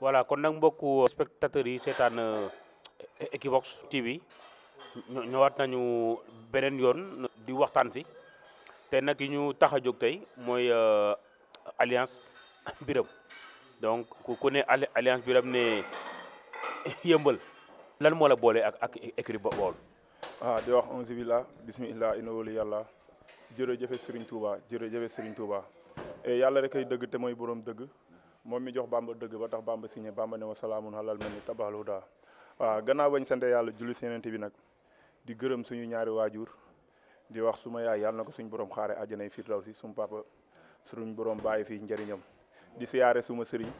voilà kon nag mbokku euh, spectateurs yi seetaan euh, Equivox TV ñëwaat nañu beneen yoon di waxtaan si te nag yi ñu tax a jóg tey mooy euh, alliance biram donc ku ne alliance biram ne yëmbal lan moo la boole ak ak écrit Baol ah di wax onze billah bismillah ina wolu yàlla jërëjëfe Serigne Touba jërëjëfe Serigne Touba yàlla rek koy dëgg te mooy borom dëgg moom mi jox bàmba dëgg ba tax bamba signé bamba ne wa salaamun alal man ni tabaxal huda waaw gannaaw bañ sante yàlla julli si bi nag di gërëm suñu ñaari waajur di wax suma yaay yàlla na ko suñu borom xaare àjjanay firdawsi suñu papa suñu borom bàyyi fii njëriñam di siyaare suma sëriñ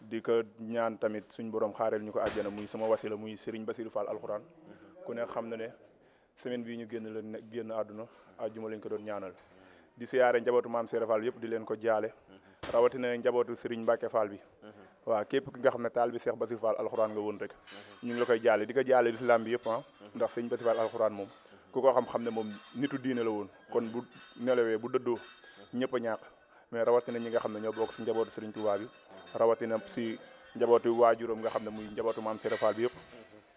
di ko ñaan tamit suñu borom xaareel ñu ko àjjana muy sama wasila muy sëriñ Basiru faal alxuraan ku ne xam na ne semaine bii ñu génn la génn àdduna àjjuma lañ ko doon ñaanal di siyaare njabootu maam Serap Fall yëpp di leen ko jaale. rawatina njabootu Serigne Mbacke Fall bi waaw képp ki nga xam ne taal bi Cheikh Bassirou Fall alxuraan nga woon rek ñu ngi la koy jaale di ko jaale lislaam bi yëpp ah ndax Serigne Bassirou Fall alxuraan moom ku ko xam-xam ne moom nitu diine la woon kon bu nelawee bu dëddoo ñëpp a ñàkk mais rawatina ñi nga xam ne ñoo bokk si njabootu Serigne Touba bi rawatina si njabootu waajuram nga xam ne muy njabootu maam Serigne Fall bi yëpp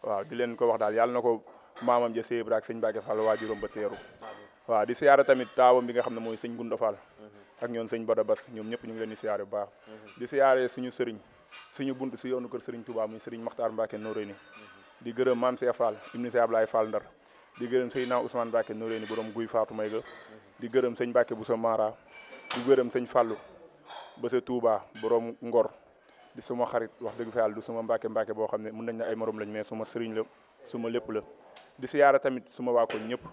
waaw di leen ko wax daal yàlla na ko maamam ja Seye Ibra ak sëñ Mbacke Fall ba teeru waaw bi nga xam ne mooy sëñ Gunda Fall ak ñoom sëñ Bada Bass ñoom ñëpp ñu ngi leen di siyaare bu baax di siyaare suñu sëriñ suñu bunt si yoonu kër sëriñ Touba muy sëriñ Makhtar Mbacke Noreyni di gërëm maam Cheikh Fall ibnu Cheikh Ablaye Fall Ndar di gërëm naa Seydina Ousmane Mbacke Noreyni borom guy Fatou Mayga di gërëm sëñ Mbacke bu Mara di gërëm sëñ Fallu ba sa Touba borom Ngor di suma xarit wax dëgg fi yàlla du suma Mbacke mbaake boo xam ne mën nañ ne ay morom lañ mais suma sëriñ la suma lépp la di siyaare tamit suma waa koñ ñëpp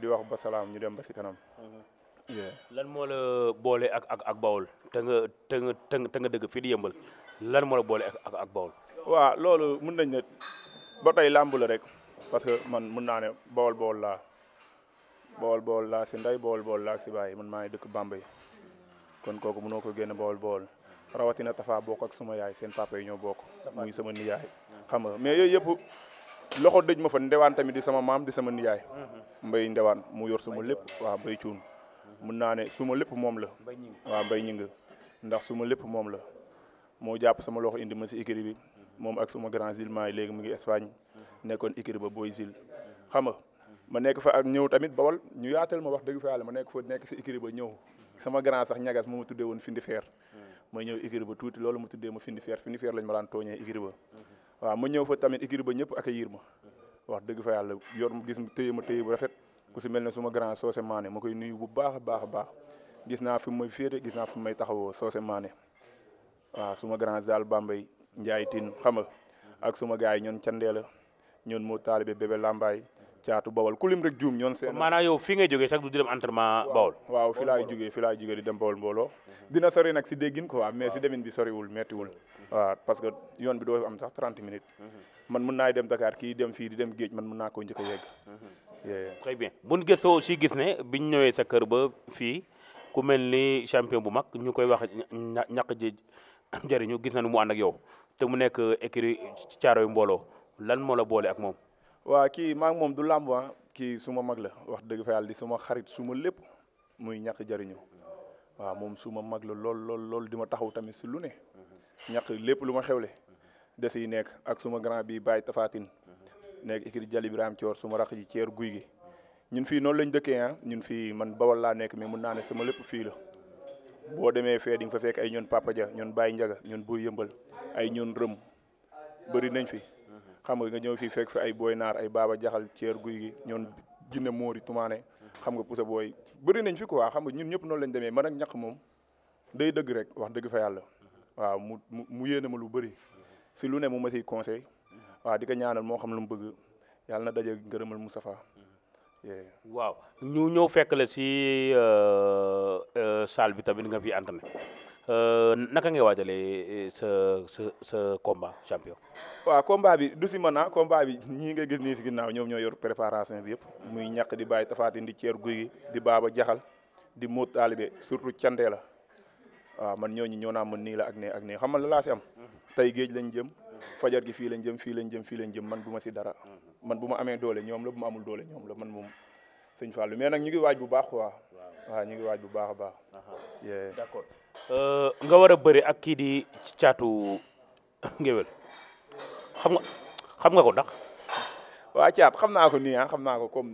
di wax ba salaam ñu dem ba si kanam lan moo la boole ak ak ak Bawol te te nga te nga dëgg fii di yëmbal lan moola la boole ak ak Bawol. waaw loolu mën nañ ne ba tey làmb la rek parce que man mën naa ne Bawol Bawol laa Bawol Bawol laa si ndey Bawol Bawol laa ak si baay man maa ngi dëkk Bambey kon kooku mënoo ko génn Bawol Bawol. rawatina Tafa bokk ak sama yaay seen papa yi ñoo bokk. muy sama nijaay. xam nga mais yëpp loxo dëj ma fa ndewaan tamit di sama maam di sama nijaay. Mm-hmm. mbay ndewaan mu yor suma lépp waaw mbay cuun mun naa ne suma lépp moom la waaw mbay ñing ndax suma lépp moom la moo jàpp sama loxo indi ma si écurie bi moom ak suma grand zilman yi léegi mu ngi Espagne nekkoon écurie ba Boy Zil xam nga ma nekk fa ak ñëw tamit bawal ñu yaatal ma wax dëgg fa yàlla ma nekk fa nekk si écurie ba ñëw sama grand sax ñagas moo ma tuddee woon findi feer ma ñëw écurie ba tuuti loolu ma tuddee ma findi feer findi feer lañ ma daan tooñee écurie ba ma ñëw fa tamit écurie ba ñëpp accueillir ma wax dëgg fa yàlla yor ma gis téye ma téye bu rafet ku si mel na suma grand Socé Mané ma koy nuyu bu baax a baax a baax gis naa fi may féete gis naa fi may taxawoo Socé waaw suma grand Zal Bambey Ndiaye Tine xam ak suma gars yi ñoon Candeela ñoon moo taalibe bébé Lambaay caatu bawol ku lim rek juum ñoon seen maanaam yow fi ngay jógee sax du di dem entraînement bawol waaw fi laay jógee fi laay jógee di dem bawol mbooloo dina sori nag si déggin quoi mais si demin bi soriwul mettiwul waaw parce que yoon bi doo am sax 30 minutes mhm. man mën naay dem Dakar kii dem fii di dem géej man mun naa koo njëkk a yegg mhm. très bien buñ gëstoo si gis ne biñ ñëwee sa kër ba fii ku mel ni champion bu mag ñu koy wax ñaq ji jëriñu gis nañu mu ànd ak yow te mu nekk écurie Caaroy mbooloo lan moola boole ak moom waa kii maa moom du làmb ah, kii suma mag la wax dëgg fa yàlla di suma xarit suma lépp muy ñàkk jariñu waaw moom suma mag la lool lool lool di ma taxaw tamit si lu ne ñàkk lépp lu ma xewle des yi nekk ak suma grand bi Baye Tafatine nekk ikiri Jali Ibrahima Thior suma rax ji ceer guy gi ñun fii noonu lañ dëkkee ah ñun fii man bawal laa nekk mais mun naa ne sama lépp fii la boo demee fee di nga fa fekk ay ñoon Papa ñoon Baye Ndiaga ñoon Boy Yëmbal ay ñoon Rëm bëri nañ fi xam nga nga ñëw fii fekk fi ay booy naar ay baaba jaxal ceer guy gi ñoon ginne moori tumaane xam nga pousa booy bëri nañ fi ko waa xam nga ñun ñëpp noonu lañ demee man a ñax moom day dëgg rek wax dëgg fa yàlla waaw mu mu yéene ma lu bari si lu ne mu ma siy conseil waa di ko ñaanal moo xam lu mu bëgg yàlla na daje ngërëmal Moustapha waaw ñu ñëw fekk la si euh, euh, salle bi tamit nga fi entraîné naka ngay waajalee sa sa sa combat champion. waaw combat bi du si mën naa combat bi ñii nga gis nii si ginnaaw ñoom ñoo yor préparation bi yëpp muy ñàkk di baay tafaati di ceer guy di baaba jaxal di móot taalibe surtout cantee la waaw man ñooñu ñoo naa mën nii la ak ne ak ne xam nga la laa si am. tey géej lañ jëm. fajar gi fii lañ jëm fii lañ jëm fii lañ jëm man du ma si dara. man bu ma amee doole ñoom la bu ma amul doole ñoom la man moom sëñ Fallou mais nag ñu ngi waaj bu baax quoi. waaw ñu ngi waaj bu baax a baax. d'accord. Euh, nga war a bëri ak kii di caatu ngéwél xam nga xam nga ko ndax. waa caat xam naa ko nii ah, xam naa ko comme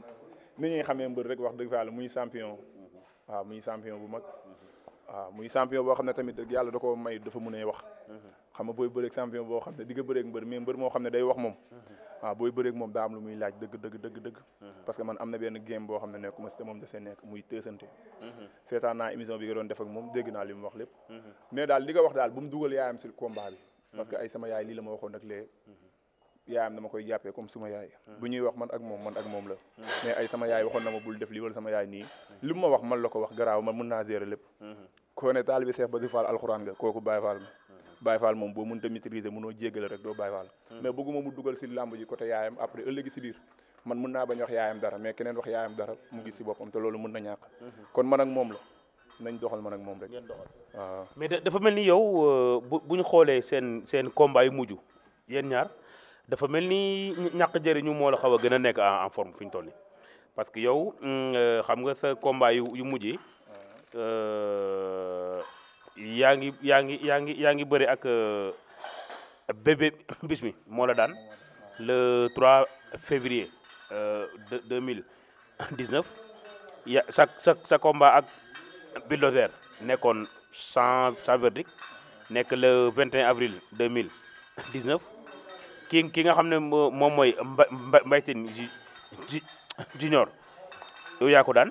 ni ñuy xamee mbër rek wax dëgg fa yàlla muy champion mhm. waaw muy champion bu mag. Mhm. waaw muy champion boo xam ne tamit yàlla da ko may dafa a wax xam nga booy bëreeg xam ne di nga moo xam ne day wax moom waaw booy bëreeg moom muy laaj dëgg dëgg dëgg dëgg parce que man am na benn game boo xam ne nekkuma si te moom dafay nekk bi nga doon moom dégg naa li mu wax lépp mais li nga wax daal bu mu dugal sama yaay lii la ma waxoon nag lee yaayam dama koy jàppee comme suma yaay bu ñuy wax man ak moom man ak moom la mais yaay na ma bul def lii wala sama yaay nii li ma wax man la ko wax garaaw man mun naa gérer lépp koo ne taalibi Cheikh Basirou Fall alxuraan boo mënta maîtriser mënoo jéggale rek doo Baye Fall mais bëgguma mu si làmb ji naa bañ wax yaayam dara mais keneen wax yaayam dara mu gis si boppam te loolu mën na ñàkk kon man ak moom la nañ doxal man ak moom rek mais dafa mel ni yow euh, bu bu ñu xoolee seen seen combat yu mujj yéen ñaar dafa mel ni ñàkk jëriñu moo la xaw a gën a nekk en form fi ñu toll nii parce que yow mm, euh, xam nga sa combat yu yu mujj Euh, yaa ngi yaa ngi yaa ngi yaa ngi bëri ak euh, bébé bis mi moo la daan le 3 février euh, de 2019 ya sa sa sa combat ak bulldozer nekkoon sans sans verdict nekk le 21 avril 2019 ki ki nga xam ne moom mooy Mbaye Tine junior yow daan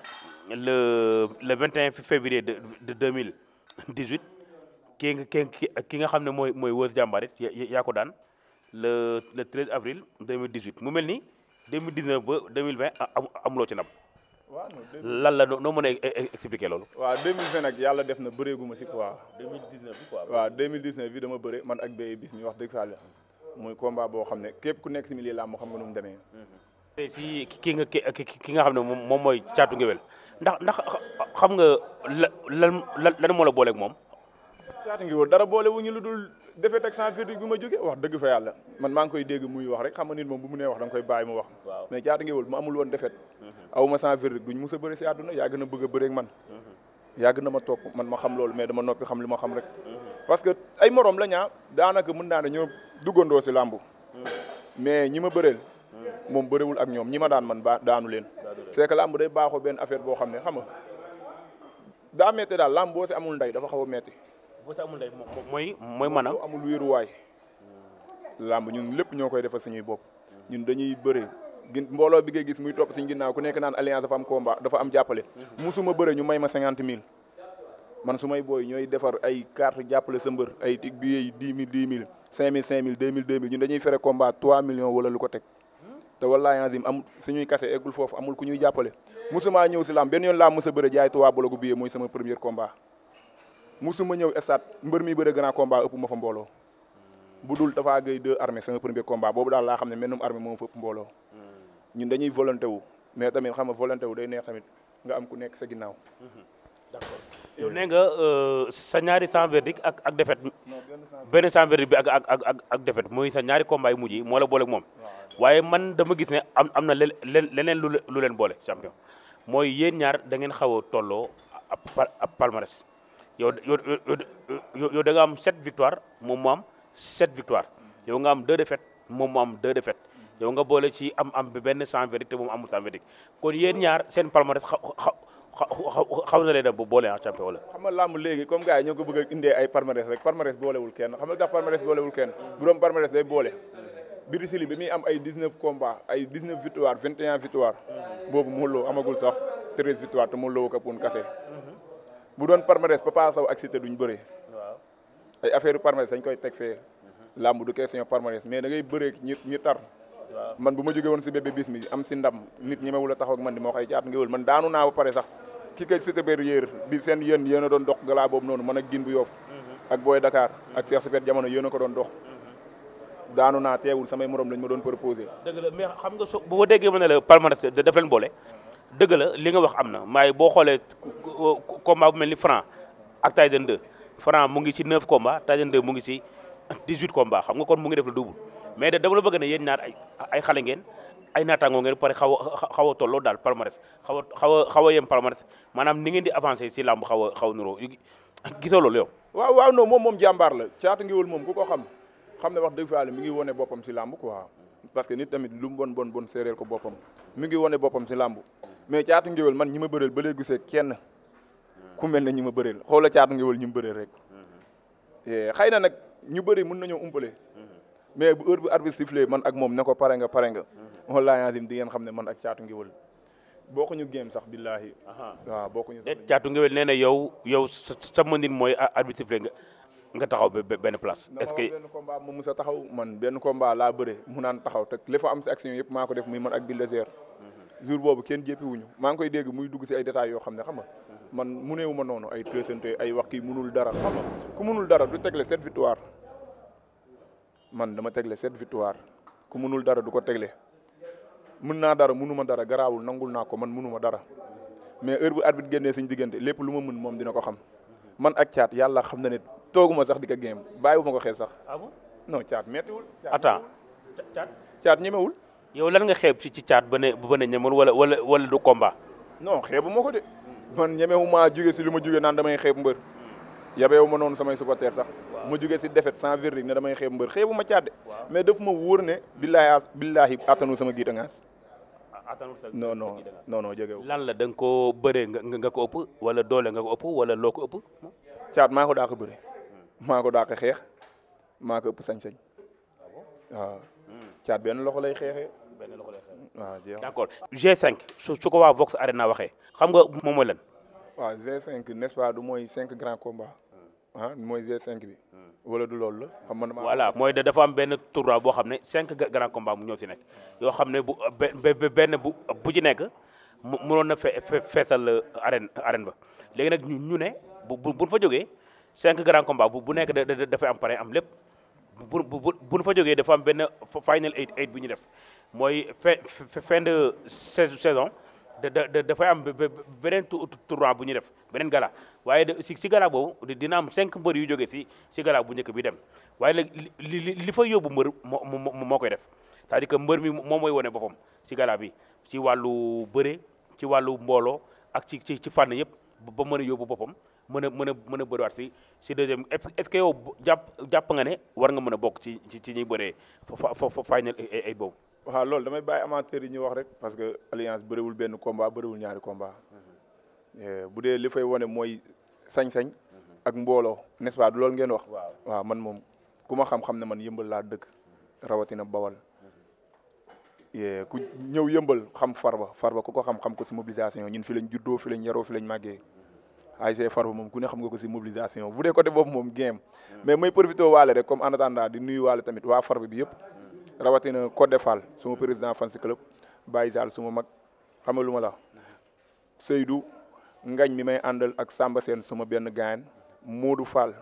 le le fi février de de 2018 ki nga ki nga xam ne mooy mooy Weuz Diambar it yaa ko daan le le 13 avril 2018 mu mel ni 2019 ba 2020 amuloo ci ndam. waaw lan la noo mën a e, e, expliquer loolu. waaw 2020 nag yàlla def na bëreegu ma si quoi. 2019 bi quoi. waaw 2019 bi dama bëre man ak Beye bis mi wax dëgg fa la muy combat boo xam ne képp ku nekk si milieu làmb moo xam nga nu mu demee. Mm-hmm. tey si ki nga ki nga xam ne moom mooy caatu ngéwél ndax ndax xam nga lan lan lan moo la booleeg moom. caatu ngéwél dara boole wu ñu lu dul defee teg sans verdict bi ma jógee wax dëgg fa yàlla man maa ngi koy dégg muy wax rek xam nga nit moom bu mu nee wax da koy bàyyi mu wax. mais caatu ngéwél mu amul woon defet mhm. aw ma sans verdict duñ mos a bëri si àdduna yàgg na bëgg a bëreeg man. Mhm. yàgg na ma topp man ma xam loolu mais dama noppi xam li ma xam rek. Mhm. parce que ay morom la ñaa daanaka mën naa ne ñoo duggandoo si làmb moom bëriwul ak ñoom ñi ma daan man ba daanu leen c'est que làmb day baaxoo benn affaire boo xam ne xam nga daa métti daal làmb boo si amul ndey dafa xaw a métti boo si amul ndey mooy mooy maanaam amul wéeruwaay làmb ñun lépp ñoo koy defal suñuy bopp ñun dañuy bëre gin mbooloo bi ngay gis muy topp suñu ginnaaw ku nekk naan alliance dafa am combat dafa am jàppale musuma bëre ñu may ma cinquante mille man su booy ñooy defar ay carte jàppale sa mbër ay tig mille dix mille cinq mille cinq mille deux mille deux mille ñun dañuy fere combat trois millions wala lu ko teg te wallahi azim am suñuy kase eggul foofu amul ku ñuy jàppale musuma ñëw si laam benn yoon laa mos a bëre jaay tuwaa bologu biyee mooy sama premier combat musuma ñëw stade mbër mi bëre grand combat ëpp ma fa mbooloo bu dul dafaa gay deux armée sama premier combat boobu daal laa xam ne mennum armée moom fa ëpp mbooloo ñu dañuy volonté wu mais tamit xam nga volonté wu day neex tamit nga am ku nekk sa ginnaaw yow nee nga euh, sa ñaari sans verdict ak ak défaite benn sans verdict bi ak ak ak ak mooy sa ñaari combat yu yi moo la boole moom waaye man dama gis ne am am na leneen lu lu leen boole champion mooy yéen ñaar da ngeen xaw a tolloo ab palmarès yow yow yow da nga am sept victoire moom mu am sept victoire yow nga am deux défaites moom mu am deux défaites yow nga boole ci am am benn sans verdict te moom amul sans verdict kon yéen ñaar seen palmarès xam na leen a boole ah champion la. xam nga làmb léegi comme gars ñoo ko bëgg a indee ay palmarès rek palmarès boolewul kenn xam nga tax palmarès boolewul kenn bu doon palmarès day boole. Biri bi muy am ay 19 combats ay 19 victoire 21 victoire boobu Modou Lo amagul sax 13 victoire te Modou Lo ko woon kase bu doon palmarès Papa Sow ak Siteu duñ bëree. ay affaire palmarès dañ koy teg fee. làmb du question palmarès mais da ngay bëree ñi ñi tar. man bu ma jóge woon si bébé bis mi am si ndam nit ñemewul a taxaw ak man di ma wax ay ci at man daanu naa ba pare sax ki kay Cité Berrière bi seen yéen a doon dox galaa boobu noonu man ak gin bu yoof mhm. ak booy Dakar mhm. ak Cheikh Super jamono yéen ko doon dox mhm. daanu naa teewul samay moroom lañ ma doon proposé. dëgg la mais xam nga so bu ma déggee ma ne la palmarès daf leen boole dëgg la li nga wax am na maay boo xoolee combat bu mel ni Franc ak Tyson 2 Franc mu ngi ci 9 combats Tyson 2 mu ngi ci 18 combats xam nga kon mu ngi def la mais de dama la bëgg na yéen naar ay ay ngeen ay naataangoo ngeen pare xaw a xaw a tolloo daal palmarès xaw a xaw a xaw a yem maanaam ni ngeen di avancé si làmb xaw a xaw nuroo gisoo loolu yow waaw waaw non moom moom jàmbaar la caatu ngiwul moom ku ko xam xam ne wax dëgg fa yàlla mi ngi wone boppam si làmb quoi parce que nit tamit lu mu bon bon bon séeréer ko boppam mi ngi wone boppam si làmb mais caatu ngéwél man ñi ma bëreel ba léegi gisee kenn ku mel na ñi ma bëreel xoola caatu ngéwél ñi mu bëreel rek mm-hmm. eh, xay na nag ñu bëri mën nañoo umpale mm-hmm. mais bu heure bu arbitre sifflé man ak moom ne ko pare nga pare nga mm-hmm. wallaahi azim di ngeen xam ne man ak caatu ngiwal ñu géem sax billaahi waaw bokkuñu caatu ngiwal nee na yow yow sa mënin mooy arbitre sifflé nga nga taxaw benn place est-ce que benn combat mu sa taxaw man benn combat laa bëre mu naan taxaw te li am si action yëpp maa ko def muy man ak Bulldozer mm-hmm. jour boobu kenn jéppiwuñu maa ngi koy dégg muy dugg si ay détails yoo xam ne xam nga mm-hmm. man mu neewu ma noonu ay présenté ay wax kii munul dara xam ku munul dara du tegle sept victoire man dama tegle sept victoire ku mënul dara du ko tegle mën naa dara mënuma dara garaawul nangul naa ko man mënuma dara mais heure bu arbitre génnee suñ diggante lépp lu ma mun moom dina ko xam man ak caat yàlla xam na ne tooguma sax di ko géem bàyyiwu ma ko xeeb sax. ah bon non caat méttiwul. attends caat caat ñemewul. yow lan nga xeeb ci ci caat ba ne ba ne ñemewul wala wala wala du combat. non xeebu ma ko de man ñemewu maa jóge si li ma jóge naan damay xeeb mbër. yabeewu ma noonu samay supporters sax ma jugee si defet sans verdict ne damay xeeb mbër xeebu ma caatde mais daf ma wóor ne billaahi billaahi attanu sama giita ngaas non non non non jógewu lan la da nga koo bëree nga ko ëpp wala doole nga ko ëpp wala loo ko ëpp caat maa ko daa bëre hmm. maa ko daa ko xeex maa ëpp sañ-sañ ah waaw hmm. caat benn loxo lay xeexee benn loxo lay xeexee waaw d'accord G5 su ko waa Vox Arena waxee xam nga moom mooy lan waa G5 n'est-ce pas du mooy cinq grands combats. Hmm. ah mooy g bi. Hmm. wala du loolu la xam voilà mooy da dafa am benn tournoi boo xam ne cinq grands combats mu ñoo si nekk yoo xam ne bu benn bu bu ci nekk mu mënoon na feesal euh, arène arène ba léegi nag ñu ñu ne bu bu fa jógee cinq grands combats bu nekk da dafay am pare am lépp bu bu bu fa jógee dafa am benn final eight eight bu ñu def mooy fin fin de saison. da dafay am beneen tournoi bu ñu def beneen gala waaye si si gala boobu dina am cinq mbër yu joge si si gala bu njëkk bi dem waaye nag li li fa yóbbu mbër moo moo koy def c'est-à-dire mbër mi moom mooy wane boppam si gala bi ci wàllu bëre ci wàllu mbooloo ak ci ci ci fànn yëpp ba mën a yóbbu boppam mën a mën a mën a bëriwaat si si deuxième est-ce que yow jàpp jàpp nga ne war nga mën a bokk ci ci ñuy bëree fa fa ay boobu waaw loolu damay bàyyi amateurs yi ñu wax rek parce que alliance bëriwul benn combat bëriwul ñaari combat mhm. eh, bu dee li fay wane mooy sañ-sañ mhm. ak mbooloo nest pas du loolu ngeen wax waaw man moom ku ma xam-xam ne man yëmbal laa dëkk mhm. rawatina bawal eh, ku ñëw yëmbal xam farba farba ku ko xam-xam ko si mobilisation ñun fi lañ juddoo fi lañ yaroo fi lañ màggee ASC farba moom ku ne xam nga ko si mobilisation bu dee côté boobu moom game mais may profité waale rek comme en di nuyu waale tamit waa farba bi yëpp rawatina Codé Fall suma président fan club Baye Sall suma mag xamaluma la Seydou Ngañ mi may àndal ak Samba seen suma benn gaayan Modou Fall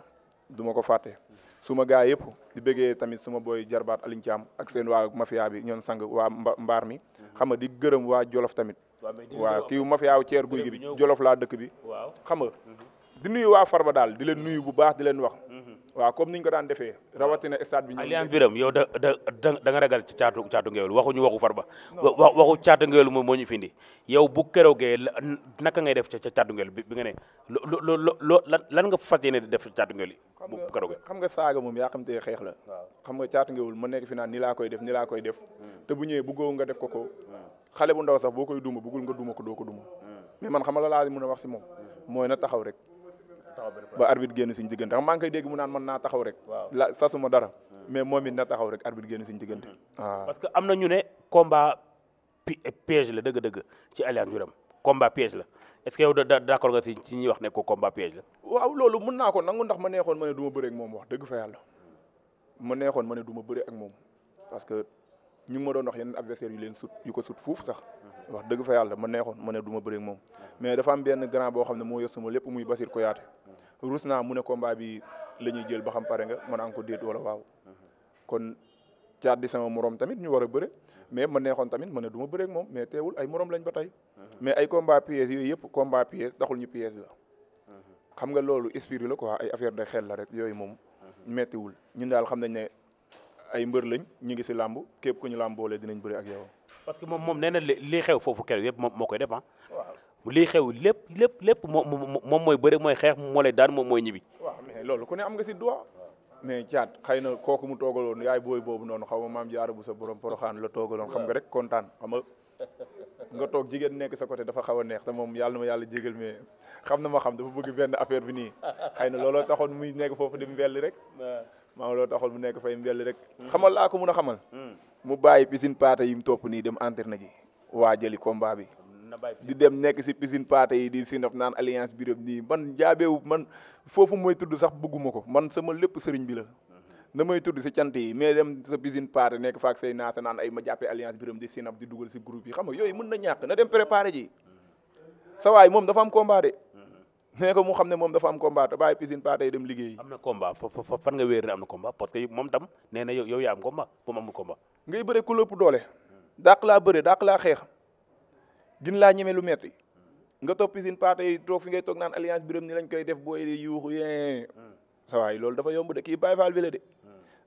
du ma ko fàtte suma gaa yëpp di bëggee tamit suma booy jarbaat Aliou Thiam ak seen waa mafia bi ñoon sang waa mbaar mi xam nga di gërëm waa Jolof tamit waa kii mafia wu ceer guy gi bi Jolof laa dëkk bi xam nga di nuyu waa far ba daal di leen nuyu bu baax di leen wax waaw comme niñ ko daan defee rawatina stade bi. Alliance Birame yow da da da nga ragal ci caatu caatu ngéwél waxuñu waxu Farba. wa waxu caatu ngéwél moom moo ñu findi yow bu keroogee naka ngay def ca caatu ngéwél bi nga ne lo lo lan nga fas yéene di def ca caatu ngéwél bu keroogee. xam nga saaga moom yaa xam te xeex la. xam nga caatu ngéwél ma nekk ni laa koy def ni laa koy def. Hmm. te bu ñëwee bëggoo nga def ko ko. Hmm. xale bu ndaw sax boo koy duma bëggul nga duma ko doo ko duma. Hmm. mais man xam nga la laa mën a wax si moom mooy na taxaw rek ba arbitre génn suñu diggante xam maa ngi koy dégg mu naan man naa taxaw rek la sasuma dara hmm. mais moom it na taxaw rek arbitre génn suñu diggante waaw hmm. ah. parce que am na ñu ne combat eh, piège la dëgg-dëgg ci alliance juram combat piège la est-ce que yow da ci ñuy wax ne ko combat piège la waaw loolu mun naa ko nangu ndax ma neexoon ma ne du ma bëre moom wax dëgg fa yàlla ma neexoon ma ne duma ma ak moom parce que ñu ngi ma doon wax yeneen adversaire yu leen sut yu ko sut fuuf sax wax dëgg fa yàlla ma neexoon ma ne duma ma bëri moom mais dafa am benn grand boo xam ne moo yor sama lépp muy Basir Koyaate rus naa mu ne combat bi la ñuy jël ba xam pare nga mën an ko déet wala waaw kon caat di sama morom tamit ñu war a bëre mais ma neexoon tamit ma ne du ma bëri moom mais teewul ay morom lañ ba tey mais ay combat piège yooyu yëpp combat piège taxul ñu piège la xam nga loolu esprit la quoi ay affaire de xel la rek yooyu moom mettiwul ñun daal xam nañ ne ay mbër lañ ñu ngi si làmb képp ku ñu làmboole dinañ bëri ak yow parce que moom moom nee na lii xew foofu keroog yëpp moo koy def ah. waaw lii xew lépp lépp lépp moom moom mooy bëri mooy xeex moo lay daan moom mooy ñibbi. waaw mais loolu ku ne am nga si droit. mais caat xëy na kooku mu toogaloon yaay booy boobu noonu xaw ma maam jaar bu sa borom xaan la toogaloon xam nga rek kontaan xam nga toog jigéen nekk sa côté dafa xaw a neex te moom yàlla na ma yàlla jégal mais xam na ma xam dafa bëgg benn affaire bi nii xëy na looloo taxoon muy nekk foofu di mbelli rek maa looloo taxoon mu nekk fay mbelli rek xamal laa ko mun mu bàyyi piscine paate yi mu topp nii dem entraîné ji waa jëli combat bi. di dem nekk si piscine paate yi di si naan alliance bi nii man jaabeewu man foofu mooy tudd sax bëgguma ko man sama lépp sëriñ bi la. na may tudd si cant yi mais dem sa piscine paate nekk faak say naasa naan ay ma jàppee alliance biram di sinap di dugal si group yi xam nga yooyu mën na ñàkk na dem préparé ji sa waay moom dafa am combat de nee ko mu xam ne moom dafa am combat te bàyyi piscine paa tey dem liggéeyi. am na combat fan nga wéer am na combat parce moom tam nee yow yaa am combat moom amul combat. ngay bëre ku lépp doole. dàq laa bëre dàq laa xeex gin laa ñeme lu metti nga topp piscine paa tey toog fi ngay toog naan alliance biram ni lañ koy def booy de yuuxu yee. sa loolu dafa yomb de kii Baye Fall bi la de.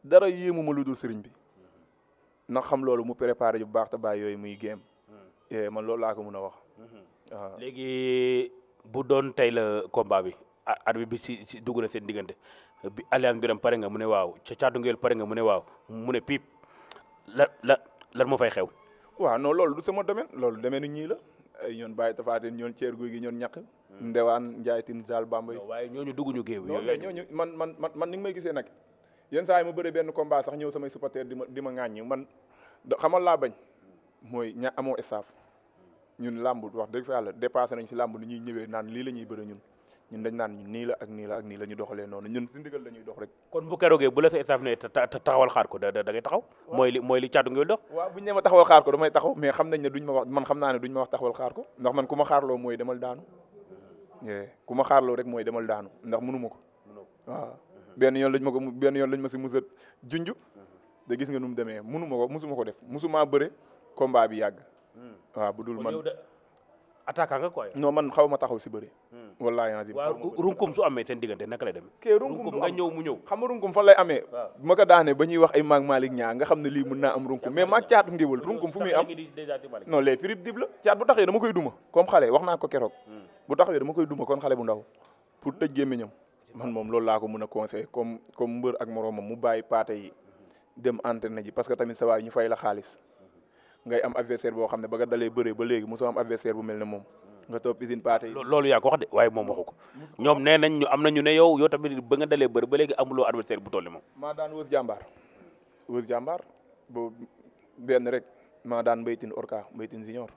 dara yéemu ma lu dul sëriñ bi. na xam loolu mu préparé bu baax te yooyu muy géem. Mm. Eh, man loolu laa ko mën a wax. Mm-hmm. Ah. bu doon tey la combat bi arbitre bi si si dugg na seen diggante bi Alliance Birame pare nga mu ne waaw ca Caatu Ngéwél pare nga mu ne waaw mu ne piip la la lan moo fay xew. waaw non loolu du sama domaine loolu domaine ñii la ay ñoon Baye Tafaatine ñoon Ceer Guy gi ñoon ñàkk. Hmm. Ndewaan Ndiaye Tine Sall Bambey. waaye ñooñu dugguñu géew yooyu ñooñu man man man man ni may gisee nag yenn saa yi mu bëre benn combat sax ñëw samay supporters di ma di ma ŋàññi man xamal laa bañ mooy ña amoo staff ñun làmb wax dëgg fa yàlla dépassé nañ si làmb ni ñuy ñëwee naan lii la ñuy bëri ñun ñun dañ naan ñun nii la ak nii la ak nii la ñu doxalee noonu ñun si ndigal la ñuy dox rek kon bu keroogee bu la sa staff ko da da ngay taxaw mooy li mooy li caatu ngiwul dox waaw buñu ne ma taxawal xaar ko damay taxaw mais xam nañ ne duñ man xam naa duñ ma wax taxawal xaar ko ndax man ku ma xaarloo mooy demal daanu ku ma xaarloo rek mooy demal daanu ndax mënuma ko waaw benn yoon lañ ma ko benn yoon lañ ma si mës a junj da mm-hmm. gis nga nu mu demee mënuma ko mësuma ko def mësuma bëre combat bi yàgg waaw hmm. ah, bu dul man attaquant nga quoi. non man xaw ma taxaw si bëri. Hmm. wallaahi naa si. waaw runkum su amee seen diggante naka lay demee. kii runkum nga ñëw mu ñëw. xam nga runkum fa lay amee. waaw bu ma ñuy wax ay maag Malick ñaa nga xam ne lii mun naa am runkum mais maag caatu ngéwël runkum fu muy am. non les prix dib la caat bu taxawee dama koy duma comme xale wax naa ko keroog. Hmm. bu taxawee dama koy duma kon xale bu ndaw pour tëj gémmiñam man moom loolu laa ko mën a conseillé comme comme mbër ak moroomam mu bàyyi paate yi dem entraîné ji parce que tamit sa waay ñu fay la xaalis ngay am adversaire boo xam ne ba nga dalee bëree ba léegi mosoo am adversaire bu mel ne moom nga topp usine paate yi loolu yaa ko wax de waaye moom waxu ko ñoom nee nañ ñu am ñu ne yow yow tamit ba nga dalee bëri ba léegi amuloo adversaire bu toll moom maa daan wës jàmbaar wës jàmbaar bo benn rek maa daan mbaytin orka mbaytin junior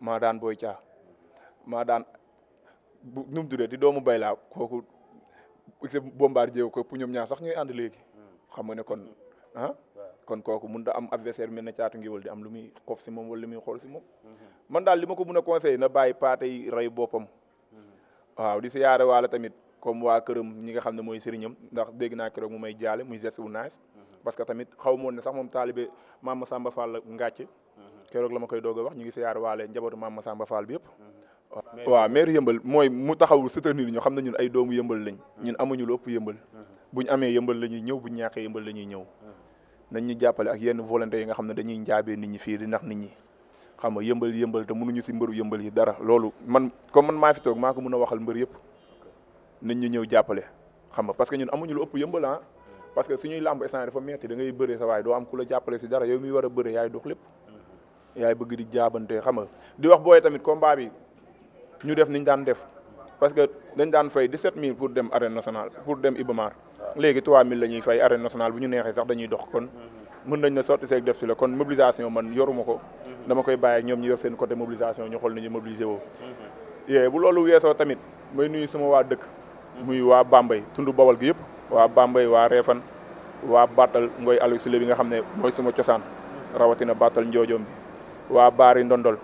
maa daan booy caa maa daan bu nu mu tuddee di doomu bay laa kooku bombardier ko pour ñoom ñaar sax ñuy ànd léegi xam nga ne kon ah, kon kooku mun da am adversaire mel na caatu ngiwal di am lu muy xof si moom wala lu muy xool si moom man daal li ma ko mun a conseillé na bàyyi paate yi rey boppam waaw di siyaare waala tamit comme waa këram ñi nga xam ne mooy sëriñam ndax dégg naa keroog mu may jaale muy geste bu que tamit xaw moon ne sax moom taalibe Mama Samba Fall ngàcce keroog la ma koy doog a wax ñu ngi siyaare waale njabootu Mama Samba Fall bi yëpp waaw maire yëmbal mooy mu taxaw soutenir ñu xam ne ñun ay doomu yëmbal lañ ñun amuñu lu ëpp yëmbal hmm. buñ amee yëmbal la ñuy ñëw buñ ñàkkee yëmbal la ñuy ñëw hmm. nañ ñu jàppale ak yenn volonté yi nga xam ne dañuy njaabee nit ñi fii di nax nit ñi xam nga yëmbal yëmbal te mënuñu si mbëru yëmbal yi dara loolu man comme man maa fi toog maa ko mën a waxal mbër yëpp nañ ñu ñëw jàppale xam nga parce que ñun amuñu lu ëpp yëmbal ah parce que suñuy làmb instant dafa metti da ngay bëree sa waay doo am ku la jàppale si dara yow miy war a bëree yaay dox lépp yaay bëgg di jaabante xam nga di wax booy tamit combat bi ñu def niñ daan def parce que dañ daan fay 17000 pour dem arène nationale pour dem Ibamar léegi 3000 la ñuy fay arène nationale bu ñu neexee sax dañuy dox kon mën nañ na sotti seeg def si la kon mobilisation man yoruma ko dama koy bàyyi ak ñoom ñu yor seen côté mobilisation ñu xool ni ñu mobiliser yee eh, bu loolu weesoo tamit may nuyu sama waa dëkk muy waa Bambey tundu Bawol gi yëpp waa Bambey waa Réfan waa Battal Ngoy Aliou Sile bi nga xam ne mooy sama cosaan rawatina Battal Njoojom bi waa Baari Ndondol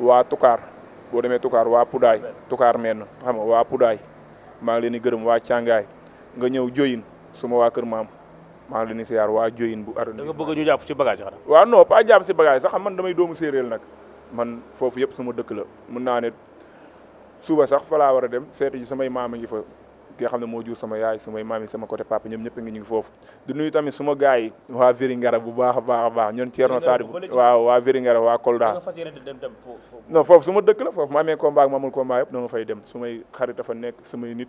waa boo demee Toucar waa Poudaay meen na xam nga waa Poudaay maa ngi leen di gërëm waa Càngaay nga ñëw Joyin suma waa kër maam maa ngi leen siyaar waa Joyin bu ar da nga bëgg ñu jàpp ci bagage xanaa waaw non pas si bagage sax man damay doomu séeréel nag man foofu yëpp suma dëkk la mun naa ne suba sax fa war a dem seetu ji samay maam a ngi fa ki nga xam ne moo jur sama yaay samay maam yi sama côté papa ñoom ñëpp ñu ngi foofu di nuyu tamit suma gars waa Viringara bu baax a baax a baax ñoon Thierno Sadibou waaw waa Viringara waa Kolda non foofu su ma dëkk la foofu ma amee combat ak ko amul combat yëpp dama fay dem su may xarit dafa nekk samay nit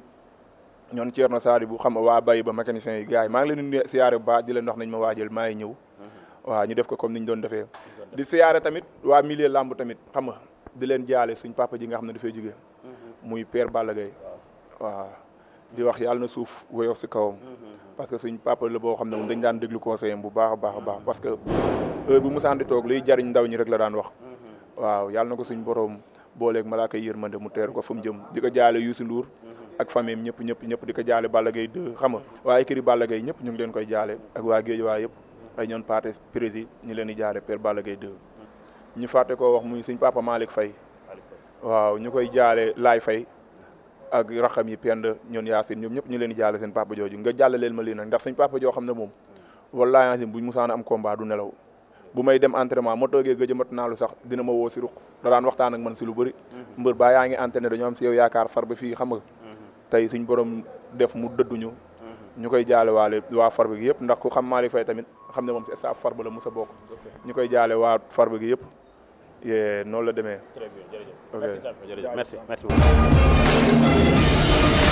ñoon Thierno Sadibou xam nga waa Baye ba mécanicien yi gars yi maa ngi leen di siyaare bu baax di leen wax nañ ma waajal maa ngi ñëw mhm. waaw ñu def ko comme ni ñu doon defee tamit xam nga di leen jaale suñ papa ji nga xam ne dafay jóge mhm. muy père Balla Gaye waaw di wax yàlla na suuf woyof si kawam. parce que suñ papa la boo xam ne moom dañ daan déglu conseil am bu baax a baax a baax parce que heure bu musaan di toog luy jariñ ndaw ñi rek la daan wax. waaw yàlla na ko suñ boroom borom booleeg malaaka yërmande mu teeru ko fa mu jëm di ko jaale Youssou Ndour. ak famille ñëpp ñëpp ñëpp di ko jaale Balla Gaye 2 xam nga waaye kiri Balla Gaye ñëpp ñu ngi leen koy jaale ak waa géej waa yëpp ay ñoon parti prési ñu leen di jaale Père Balla Gaye ñu fàtte koo wax muy suñ papa Malick Faye waaw ñu koy jaale Laay Faye ak raxam yi pend ñun yaasin ñoom ñëpp ñu leen di jaale seen papa jooju nga jàll leen ma lii nag ndax suñ papa joo xam ne moom wallaahi yaasin buñ musaan am combat du nelaw bu may dem entraînement ma toogee gëj naa lu sax dina ma woo si ruq da waxtaan ak man si lu bëri mhm. mbër baa yaa ngi entraîné dañoo am si yaakaar far ba fii xam nga mhm. tey suñ borom def mu dëdduñu mhm. ñu koy jaale waale waa farba gi yëpp ndax ku xam Malick Faye tamit xam ne moom si staff farba la mos a bokk ñu koy jaale waa farba gi yëpp noonu la demee. très bien jërëjëf. ok